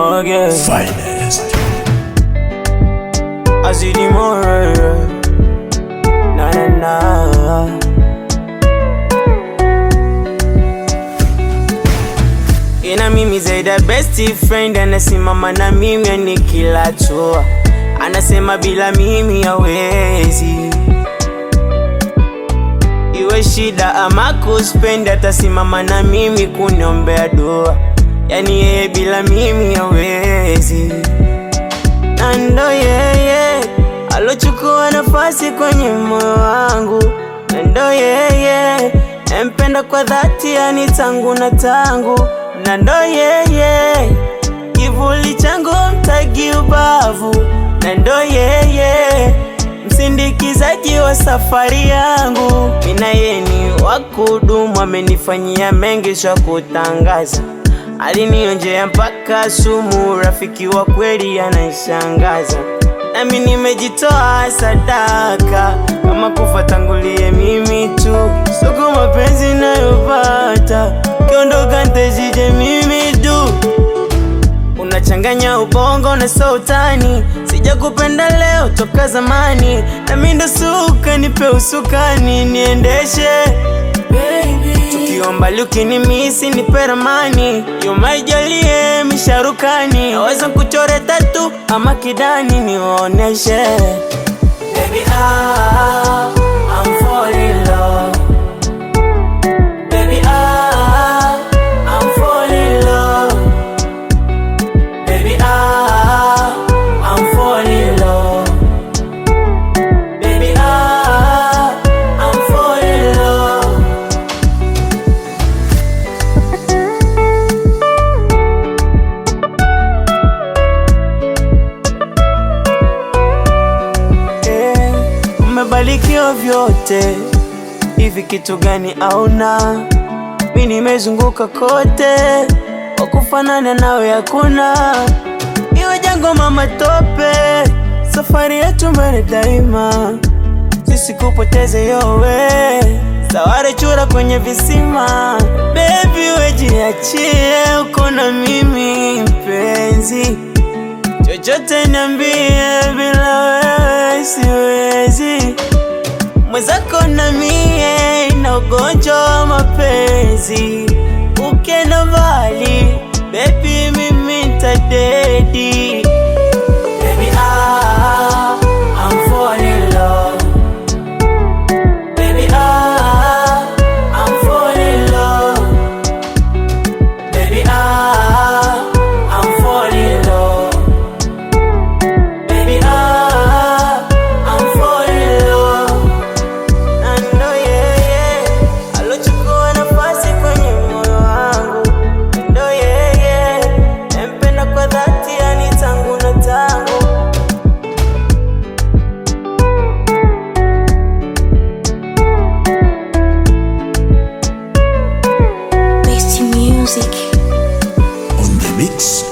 come again. Finest. I see the more. Na na na. Ina mimi zaida best friend anasimama na mimi anikilachoa, anasema bila mimi hawezi iwe shida ama kuspend, atasimama na mimi kuniombea dua yani yeye bila mimi hawezi, na ndo yeye alochukua nafasi kwenye moyo wangu, na ndo yeye empenda kwa dhati, yani tangu na tangu, na ndo yeye kivuli changu, mtagi ubavu, na ndo yeye msindikizaji wa safari yangu, mina yeye ni wakudumu, amenifanyia mengi sha kutangaza alinionjea mpaka sumu, rafiki wa kweli anaishangaza, nami nimejitoa sadaka, kama kufa tangulie mimi tu, soko mapenzi nayopata, kiondoka ntezije mimi tu Unachanganya ubongo na sautani, sijakupenda leo toka zamani, nami ndo suka nipe usukani niendeshe Kweli ukinimisi nipe ramani yomaijalie misharukani, aweza kuchore tatu ama kidani nioneshe Baby, ah. sio vyote. Hivi kitu gani auna? Mi nimezunguka kote, wakufanana nawe hakuna. Iwe jango mama tope, safari yetu mbele daima, sisi kupoteze yowe saware chura kwenye visima. Baby wejiachie, uko na mimi mpenzi, chochote niambie, bila wewe mwenzako na mie na ugonjwa wa mapenzi Six.